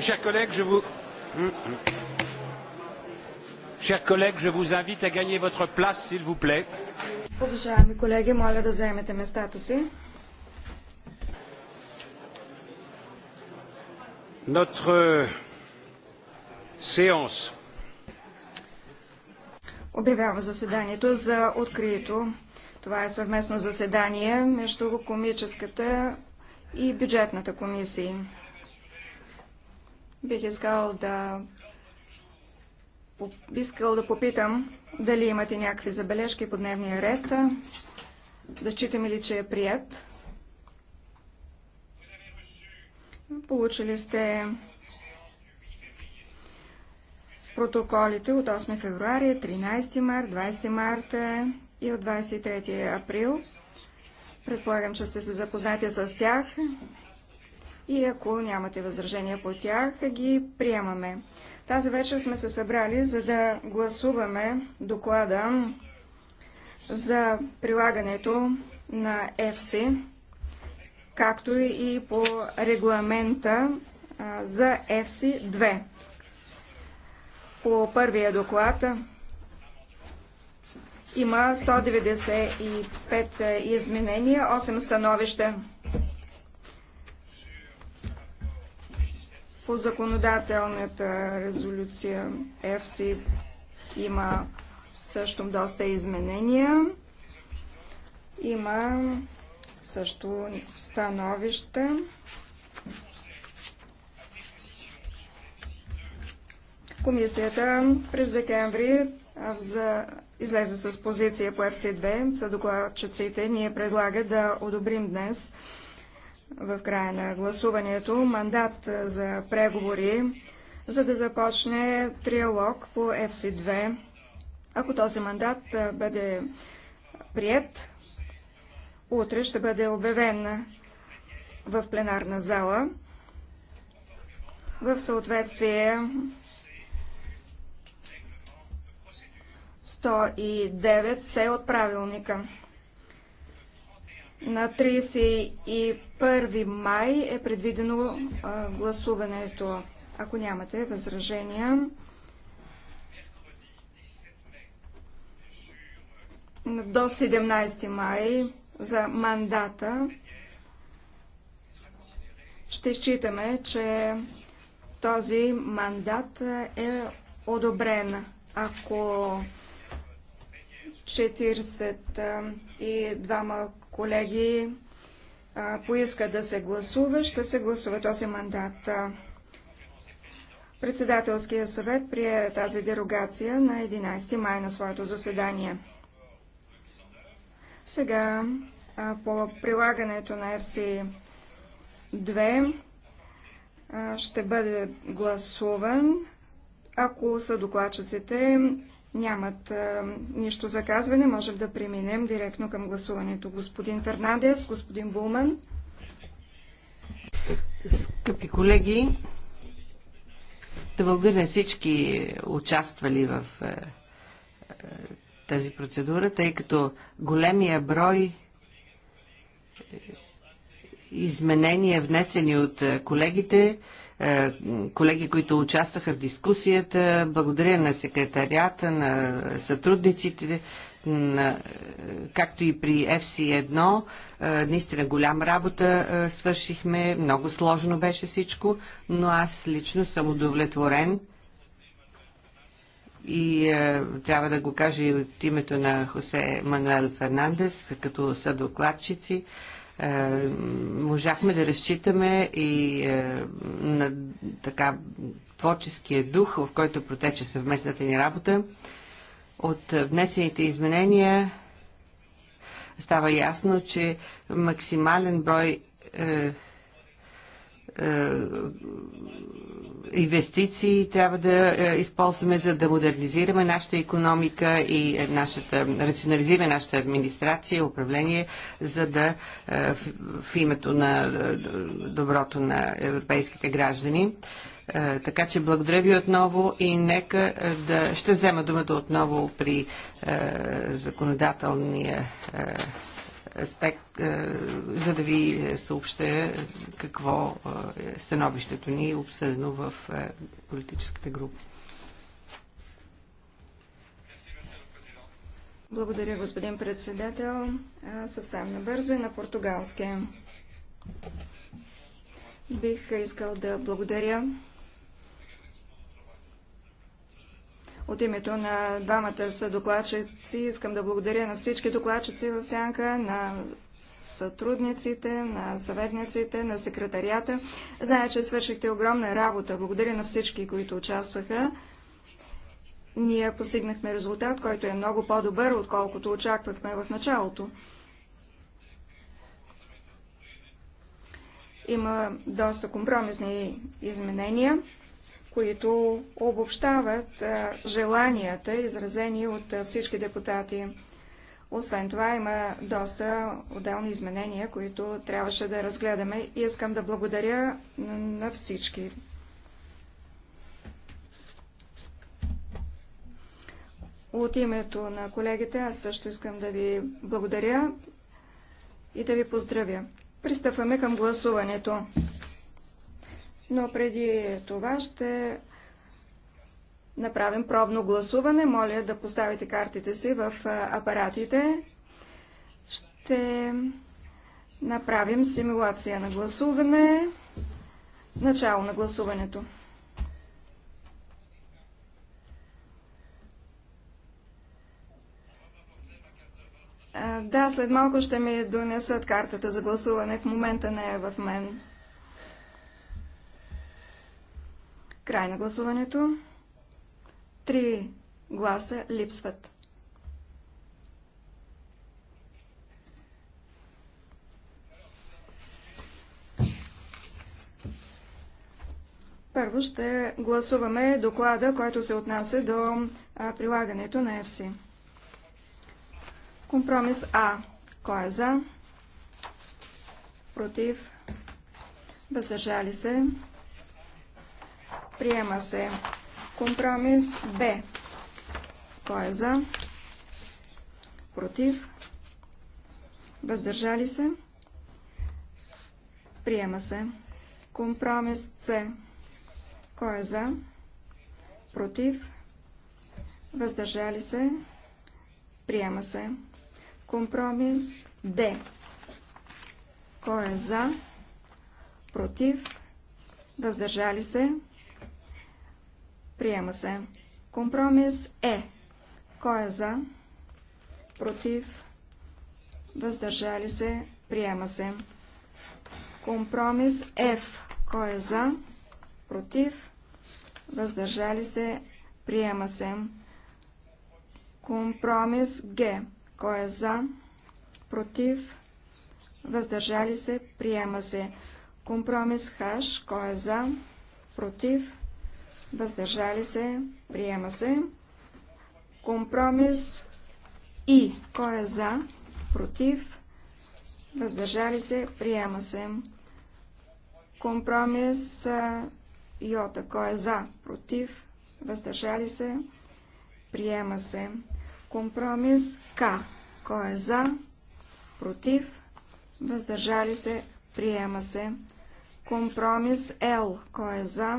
chers collègues, je vous... Mm, mm. Chers collègues, je vous invite à gagner votre place, s'il vous plaît. Уважаеми колеги, моля да заемете местата си. Notre euh, séance. Обявява заседанието за открито. Това е съвместно заседание между комическата и бюджетната комисия. Бих искал да, искал да попитам дали имате някакви забележки по дневния ред. Да читаме ли, че е прият. Получили сте протоколите от 8 февруари, 13 март, 20 марта и от 23 април. Предполагам, че сте се запознати с тях и ако нямате възражения по тях, ги приемаме. Тази вечер сме се събрали, за да гласуваме доклада за прилагането на ЕФСИ, както и по регламента за ЕФСИ 2. По първия доклад има 195 изменения, 8 становища. По законодателната резолюция ЕФСИ има също доста изменения. Има също становища. Комисията през декември за... излезе с позиция по FC2. За докладчиците ние предлага да одобрим днес в края на гласуването мандат за преговори, за да започне триалог по FC2. Ако този мандат бъде прият, утре ще бъде обявен в пленарна зала в съответствие 109 се от правилника. На 31 май е предвидено гласуването. Ако нямате възражения, до 17 май за мандата ще считаме, че този мандат е одобрен. Ако 42 двама колеги поиска да се гласува, ще се гласува този мандат. Председателския съвет прие тази дерогация на 11 май на своето заседание. Сега по прилагането на FC2 ще бъде гласуван, ако са докладчиците нямат а, нищо за казване, можем да преминем директно към гласуването. Господин Фернандес, господин Булман. Скъпи колеги, да благодаря всички участвали в е, е, тази процедура, тъй като големия брой е, изменения, внесени от е, колегите, е, колеги, които участваха в дискусията. Благодаря на секретарията, на сътрудниците, на, е, както и при FC1. Е, наистина голям работа свършихме, много сложно беше всичко, но аз лично съм удовлетворен и е, трябва да го кажа и от името на Хосе Мануел Фернандес, като са докладчици. Е, е, можахме да разчитаме и е, на така творческия дух, в който протече съвместната ни работа. От внесените изменения става ясно, че максимален брой е, е, инвестиции трябва да е, използваме, за да модернизираме нашата економика и е, нашата, рационализираме нашата администрация, управление, за да е, в името на доброто на европейските граждани. Така че благодаря ви отново и нека да ще взема думата отново при законодателния аспект, е, за да ви съобща какво е становището ни е обсъдено в е, политическата група. Благодаря, господин председател. Съвсем набързо и на португалски. Бих искал да благодаря От името на двамата са докладчици искам да благодаря на всички докладчици в Сянка, на сътрудниците, на съветниците, на секретарията. Зная, че свършихте огромна работа. Благодаря на всички, които участваха. Ние постигнахме резултат, който е много по-добър, отколкото очаквахме в началото. Има доста компромисни изменения които обобщават желанията, изразени от всички депутати. Освен това има доста отделни изменения, които трябваше да разгледаме и искам да благодаря на всички. От името на колегите аз също искам да ви благодаря и да ви поздравя. Пристъпваме към гласуването но преди това ще направим пробно гласуване. Моля да поставите картите си в апаратите. Ще направим симулация на гласуване. Начало на гласуването. Да, след малко ще ми донесат картата за гласуване. В момента не е в мен. Край на гласуването. Три гласа липсват. Първо ще гласуваме доклада, който се отнася до прилагането на ЕФСИ. Компромис А. Кой е за? Против? Въздържали се? Приема се. Компромис Б. Кой е за? Против? Въздържали се? Приема се. Компромис С. Кой е за? Против? Въздържали се? Приема се. Компромис Д. Кой е за? Против? Въздържали се? Приема се. Компромис Е. Кой е за? Против? Въздържали се? Приема се. Компромис Ф. Кой е за? Против? Въздържали се? Приема се. Компромис Г. Кой е за? Против? Въздържали се? Приема се. Компромис Х. Кой е за? Против? въздържали се, приема се. Компромис и кой е за, против, въздържали се, приема се. Компромис йота, кой е за, против, въздържали се, приема се. Компромис К, кой е за, против, въздържали се, приема се. Компромис Л, кой е за,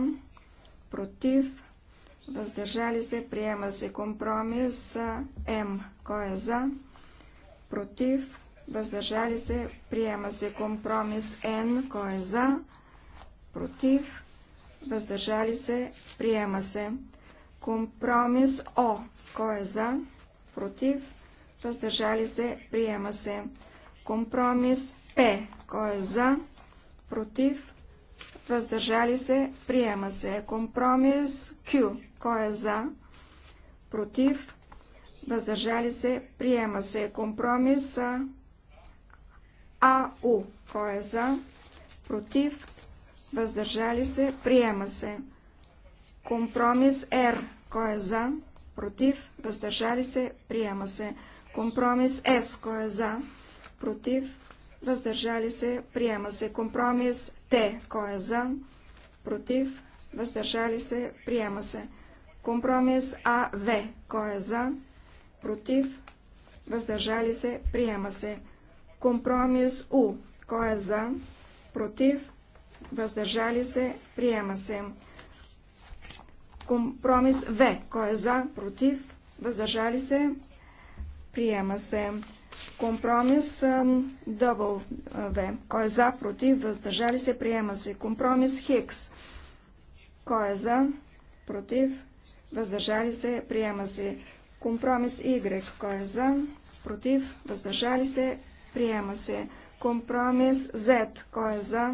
против, въздържали се, приема се компромис М. Кой е за, против, въздържали се, приема се компромис Н. Кой е за, против, въздържали се, приема се. Компромис О. Кой е за, против, въздържали се, приема се. Компромис П. Кой е за, против, въздържали се, приема се. Компромис Q, кой е за, против, въздържали се, приема се. Компромис АУ, кой е за, против, въздържали се, приема се. Компромис Р, кой е за, против, въздържали се, приема се. Компромис С, кой е за, против, въздържали се, приема се. Компромис Т, кой е за, против, въздържали се, приема се. Компромис АВ, кой е за, против, въздържали се, приема се. Компромис У, кой е за, против, въздържали се, приема се. Компромис В, кой е за, против, въздържали се, приема се. Компромис дъбъл В. Кой е за, против, въздържали се, приема се. Компромис Хикс. Кой е за, против, въздържали се, приема се. Компромис Y. Кой е за, против, въздържали се, приема се. Компромис Z. Кой е за,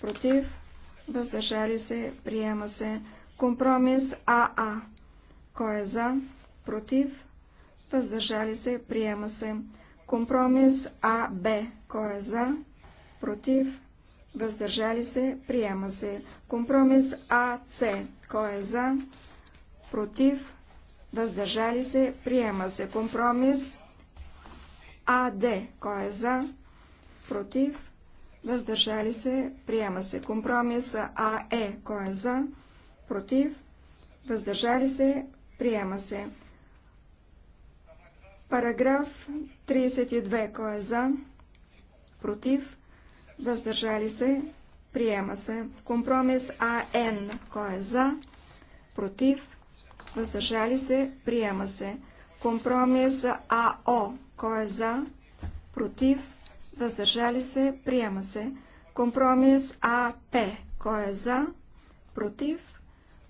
против, въздържали се, приема се. Компромис АА. Кой е за, против, въздържали се, приема се. Компромис А, Б. Кой е за? Против? Въздържали се? Приема се. Компромис А, С. Кой е за? Против? Въздържали се? Приема се. Компромис А, Д. Кой е за? Против? Въздържали се? Приема се. Компромис А, Е. Кой е за? Против? Въздържали се? Приема се. Параграф 32. Кой е за? Против? Въздържали се? Приема се. Компромис АН. Кой е за? Против? Въздържали се? Приема се. Компромис АО. Кой е за? Против? Въздържали се? Приема се. Компромис АП. Кой е за? Против?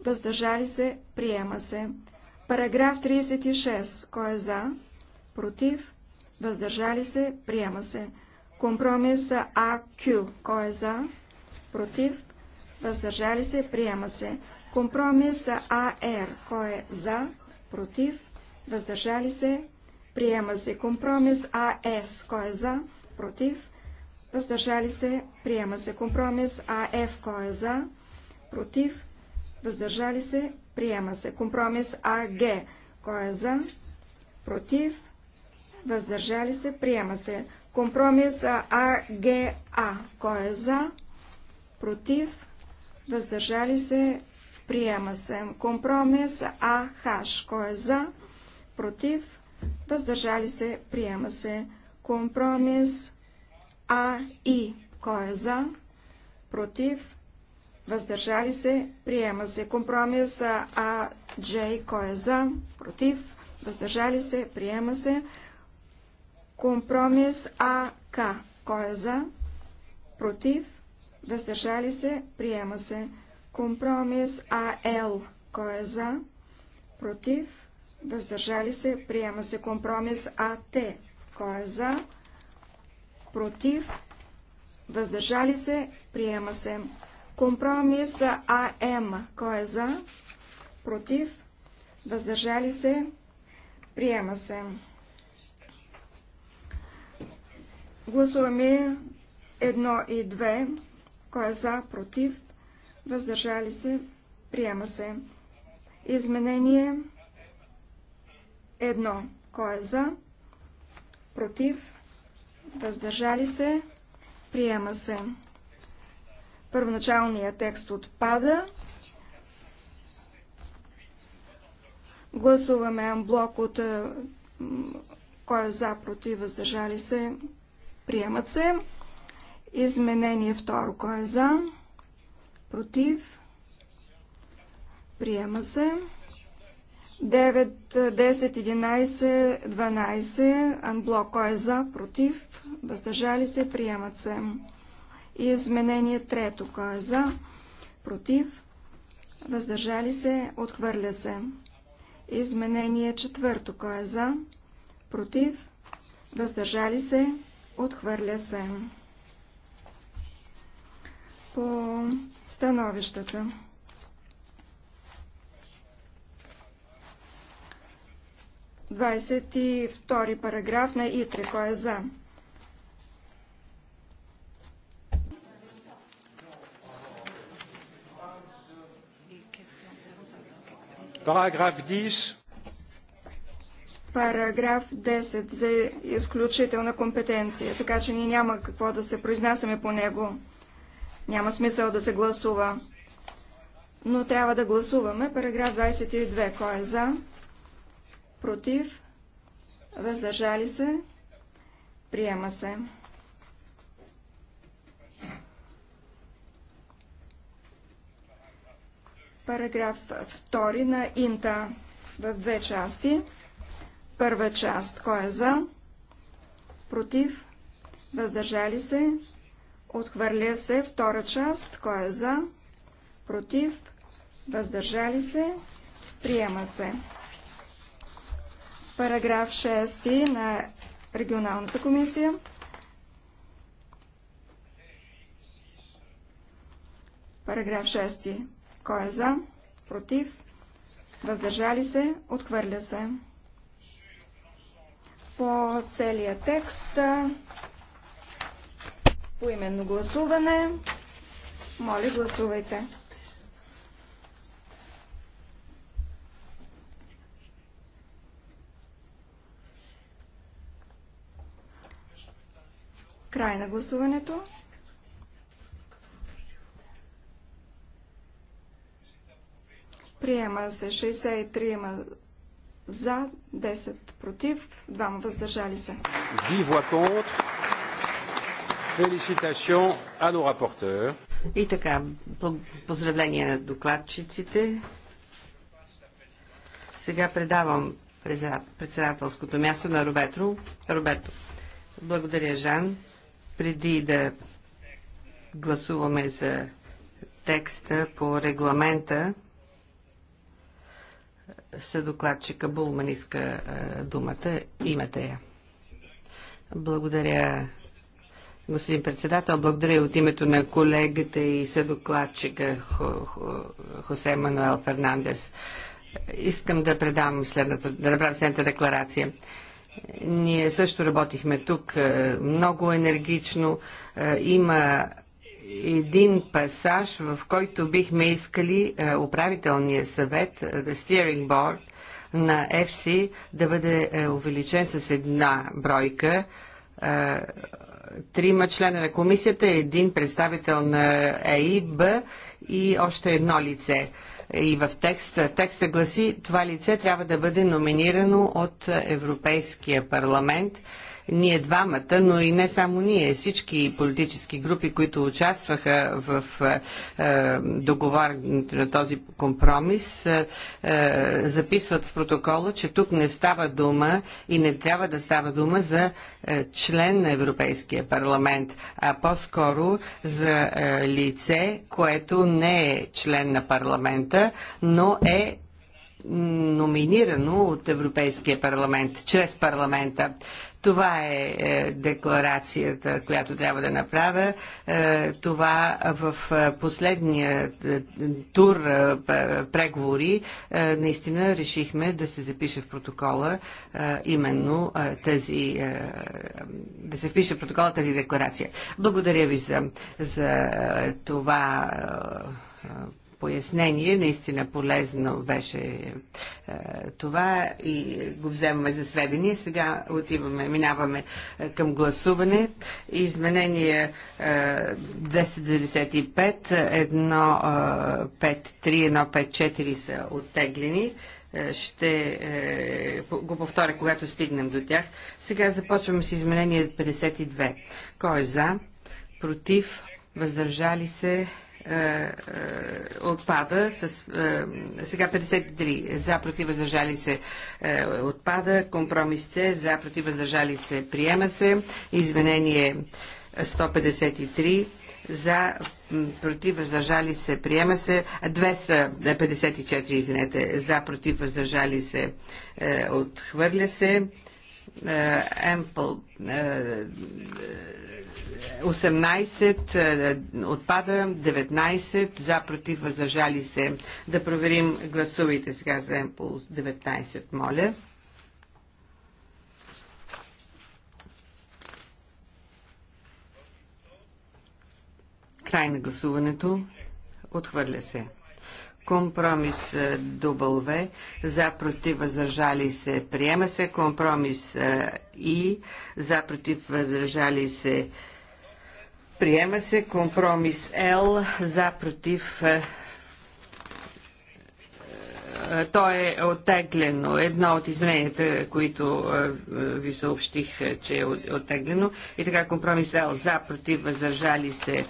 Въздържали се? Приема се. Параграф 36. Кой е за? против, въздържали се, приема се. Компромис АК, кой е за, против, въздържали се, приема се. Компромис АР, кой е за, против, въздържали се, приема се. Компромис АС, кой е за, против, въздържали се, приема се. Компромис АФ, кой е за, против, въздържали се, приема се. Компромис АГ, кой е за, против, въздържали се, приема се. Компромис АГА. Кой е за? Против? Въздържали се? Приема се. Компромис АХ. Кой е за? Против? Въздържали се? Приема се. Компромис АИ. Кой е за? Против? Въздържали се? Приема се. Компромис АДЖ. Кой е за? Против? Въздържали се? Приема се. Компромис АК. Кой е за? Против? Въздържали се? Приема се. Компромис АЛ. Кой е за? Против? Въздържали се? Приема се. Компромис АТ. Кой е за? Против? Въздържали се? Приема се. Компромис АМ. Кой е за? Против? Въздържали се? Приема се. Гласуваме едно и две, Кой е за, против, въздържали се, приема се. Изменение Едно. Кой е за, против, въздържали се, приема се. Първоначалният текст отпада. Гласуваме блок от кой е за, против, въздържали се, Приемат се. Изменение второ. Кой е за? Против? Приема се. 9, 10, 11, 12. Анблок. Кой е за? Против? Въздържали се? Приемат се. Изменение трето. Кой е за? Против? Въздържали се? Отхвърля се. Изменение четвърто. Кой е за? Против? Въздържали се? Отхвърля се. По становищата. Двадесет и втори параграф на ИТРЕ. Кой е за? Параграф 10 параграф 10 за изключителна компетенция, така че ние няма какво да се произнасяме по него. Няма смисъл да се гласува. Но трябва да гласуваме параграф 22. Кой е за? Против? Въздържали се? Приема се. Параграф 2 на Инта в две части. Първа част. Кой е за? Против? Въздържали се? Отхвърля се. Втора част. Кой е за? Против? Въздържали се? Приема се. Параграф 6 на регионалната комисия. Параграф 6. Кой е за? Против? Въздържали се? Отхвърля се по целия текст. По именно гласуване. Моля, гласувайте. Край на гласуването. Приема се 63 за, 10 против, 2 въздържали се. Félicitations à nos rapporteurs. И така, поздравления на докладчиците. Сега предавам председателското място на Роберто. Роберто, благодаря, Жан. Преди да гласуваме за текста по регламента, съдокладчика Булман иска е, думата. Имате я. Благодаря, господин председател. Благодаря от името на колегата и Хо, Хосе Мануел Фернандес. Искам да предам следната, да направя следната декларация. Ние също работихме тук е, много енергично. Е, има един пасаж, в който бихме искали е, управителния съвет, е, the steering board на FC да бъде е, увеличен с една бройка трима члена на комисията, един представител на ЕИБ и още едно лице. И в текста, текста гласи, това лице трябва да бъде номинирано от Европейския парламент ние двамата, но и не само ние, всички политически групи, които участваха в е, е, договарянето на този компромис, е, записват в протокола, че тук не става дума и не трябва да става дума за член на Европейския парламент, а по-скоро за лице, което не е член на парламента, но е номинирано от Европейския парламент, чрез парламента. Това е, е декларацията, която трябва да направя. Е, това в е, последния тур преговори наистина решихме да се запише в протокола именно тази да се впише в протокола тази декларация. Благодаря ви за, за това пояснение. Наистина полезно беше е, това и го вземаме за сведение. Сега отиваме, минаваме е, към гласуване. Изменение 295, 153, 154 са оттеглени е, ще го повторя, когато стигнем до тях. Сега започваме с изменение 52. Кой е за? Против? Въздържали се? Е, е, отпада. С, е, сега 53 за против въздържали се отпада. Компромис С за против въздържали се приема се. Изменение 153 за против въздържали се приема се 254 извинете за против въздържали се отхвърля се Ample 18 е, отпада, 19 за, против, въздържали се. Да проверим гласувайте сега за МПЛ 19, моля. Край на гласуването. Отхвърля се. Компромис W е, за против въздържали се приема се. Компромис е, И за против въздържали се приема се. Компромис Л за против е, то е оттеглено. Едно от измененията, които ви съобщих, че е оттеглено. И така компромис Л за, против, въздържали се,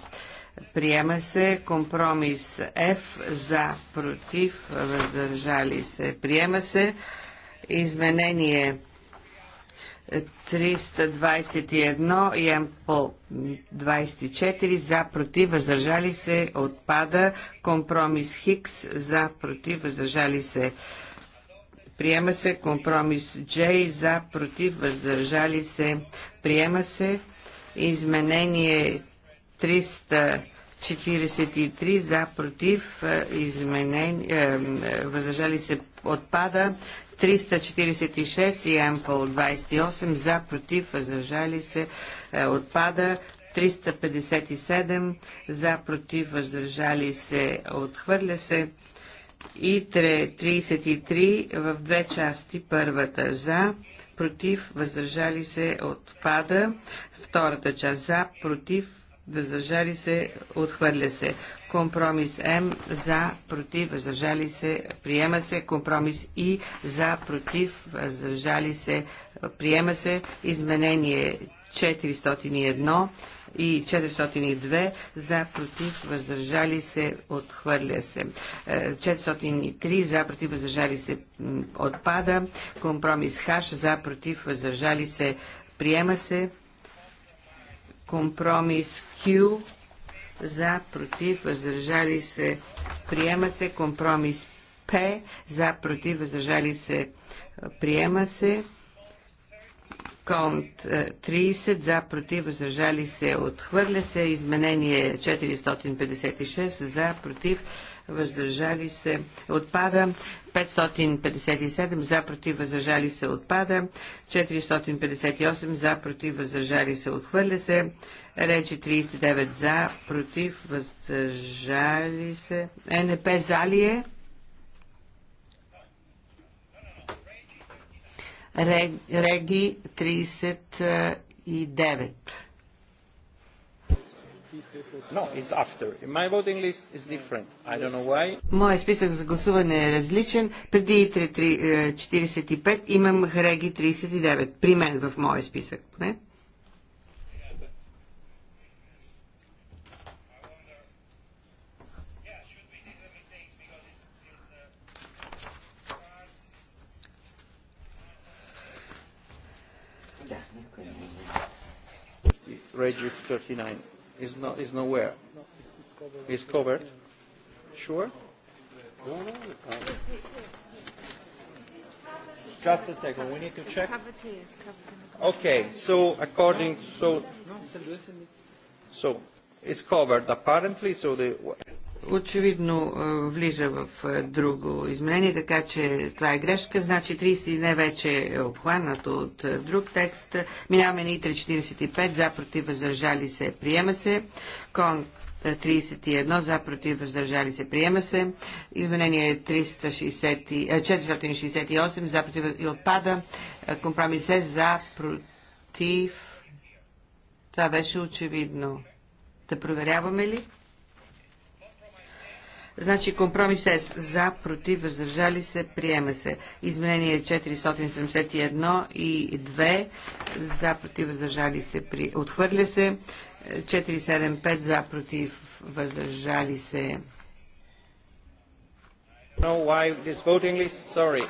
Приема се компромис F за против, въздържали се. Приема се изменение 321 и МПО 24 за против, въздържали се, отпада. Компромис Хикс за против, въздържали се. Приема се компромис J за против, въздържали се. Приема се изменение 343 за, против, е, изменен, е, е, въздържали се отпада, 346 и Ампъл 28 за, против, въздържали се е, отпада, 357 за, против, въздържали се отхвърля се, и 33 в две части, първата за, против, въздържали се отпада, втората част за, против, въздържали се, отхвърля се. Компромис М за, против, въздържали се, приема се. Компромис И за, против, въздържали се, приема се. Изменение 401 и 402 за против въздържали се отхвърля се. 403 е, за против въздържали се отпада. Компромис Х за против въздържали се приема се. Компромис Q за, против, въздържали се, приема се. Компромис П за, против, въздържали се, приема се. Конт 30 е, за, против, въздържали се, отхвърля се. Изменение 456 за, против, въздържали се, отпада. 557 за против въздържали се отпада, 458 за против въздържали се отхвърля се, речи 39 за против въздържали се, е, НП за ли е? Реги 39. No, it's after. My voting list is different. I don't know why. Моя списък за гласуване е различен. Преди 3, 45 е, имам Хреги 39. При мен в моя списък, Да, никой Не? е. Regi 39 is not is nowhere. No, it's, it's covered. It's covered. Sure. No, no, no. Just a second. We need to check. Okay. So according so so it's covered apparently. So the очевидно влиза в друго изменение, така че това е грешка. Значи 30 не вече е обхванато от друг текст. Минаваме на ИТРА 45, за против въздържали се, приема се. Кон 31, за против въздържали се, приема се. Изменение 360, 468, за против и отпада. Компромис е за против. Това беше очевидно. Да проверяваме ли? Значи компромис С. За, против, въздържали се, приема се. Изменение 471 и 2. За, против, въздържали се, при... отхвърля се. 475 за, против, въздържали се. No, why this voting list? Sorry.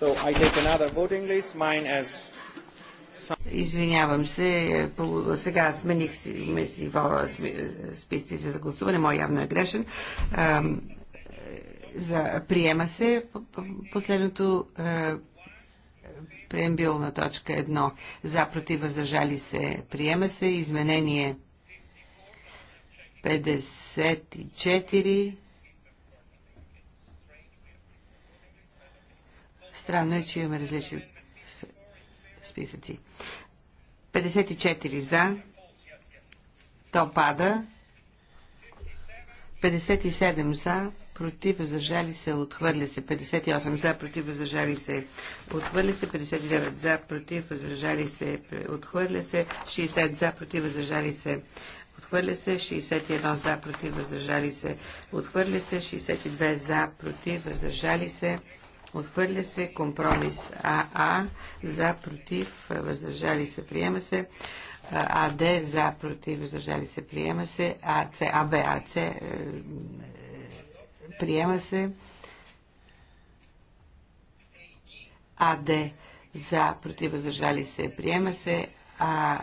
So I take another voting list, mine as Извинявам се, сега смених си, ме си списъците за гласуване, мой явно е грешен. За, приема се последното преембил на точка 1. За, против, въздържали се, приема се. Изменение 54. Странно е, че имаме различни списъци. 54 за. То пада. 57 за. Против, въздържали се, отхвърля се. 58 за, против, въздържали се, отхвърля се. 59 за, против, въздържали се, отхвърля се. 60 за, против, въздържали се, Отхвърля се 61 за, против, въздържали се. Отхвърля се 62 за, против, въздържали се. Отхвърля се компромис АА за против, въздържали се, приема се. АД за против, въздържали се, приема се. АЦ, АБ, АЦ, приема се. АД за против, въздържали се, приема се. А,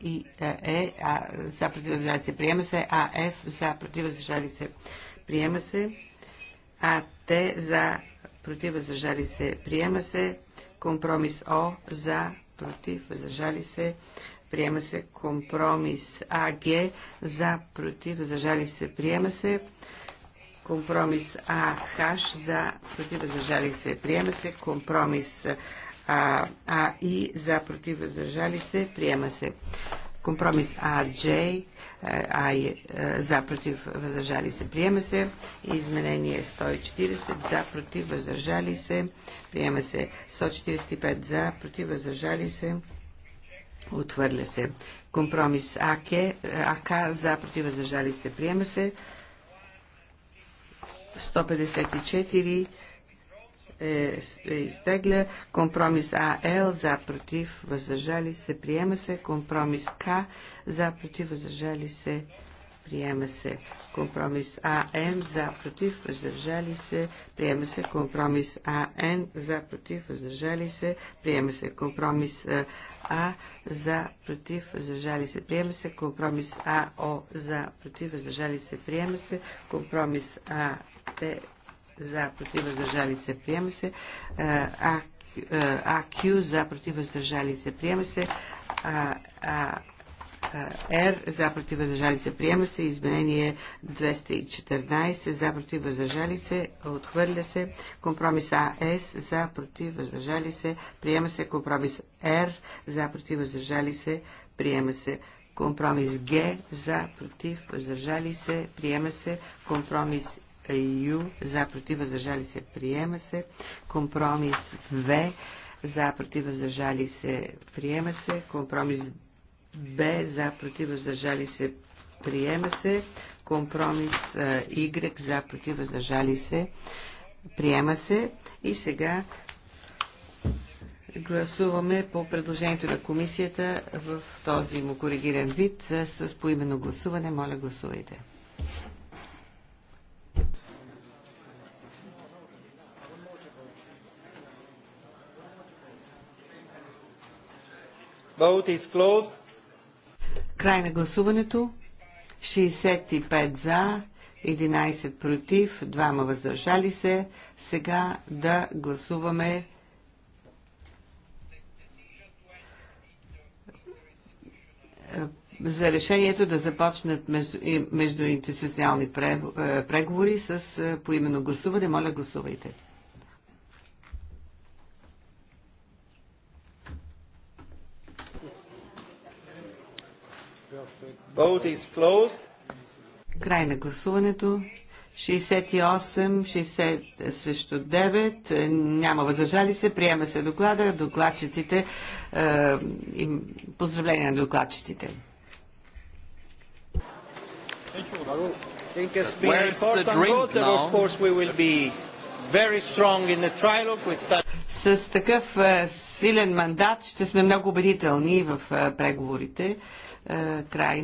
и Е а, за против, се, приема се. А Ф за против, се, приема се. А Т за против, въздържали се, приема се. Компромис О за, против, въздържали се, приема се. Компромис АГ за, против, въздържали се, приема се. Компромис АХ за, против, въздържали се, приема се. Компромис АИ за против въздържали се, приема се. Компромис АДЖ Ай е, за против въздържали се приема се. Изменение 140 за против въздържали се приема се. 145 за против въздържали се отхвърля се. Компромис АК, АК за против въздържали се приема се. 154 е, е, изтегля. Компромис АЛ за против въздържали се приема се. Компромис К за против въздържали се приема се. Компромис АМ за против въздържали се приема се. Компромис АН за против въздържали се приема се. Компромис А за против въздържали се приема се. Компромис е, АО за против въздържали се приема се. Компромис АТ за против въздържали се приема се. А, за против въздържали се приема се. А, Р за против въздържали се приема се. Изменение 214 за против въздържали се отхвърля се. Компромис АС за против въздържали се приема се. Компромис Р за против въздържали се приема се. Компромис Г за против въздържали се приема се. Компромис ю за против въздържали се приема се. Компромис В за против въздържали се приема се. Компромис Б за против въздържали се приема се. Компромис Y за против въздържали се приема се. И сега гласуваме по предложението на комисията в този му коригиран вид с поименно гласуване. Моля гласувайте. Край на гласуването. 65 за, 11 против, 2 въздържали се. Сега да гласуваме за решението да започнат междуинституционални е, преговори с е, поименно гласуване. Моля, гласувайте. Край на гласуването. 68, 60 срещу 9, е, няма възражали се, приема се доклада, докладчиците, е, поздравления на докладчиците. С такъв е, силен мандат ще сме много убедителни в е, преговорите. Край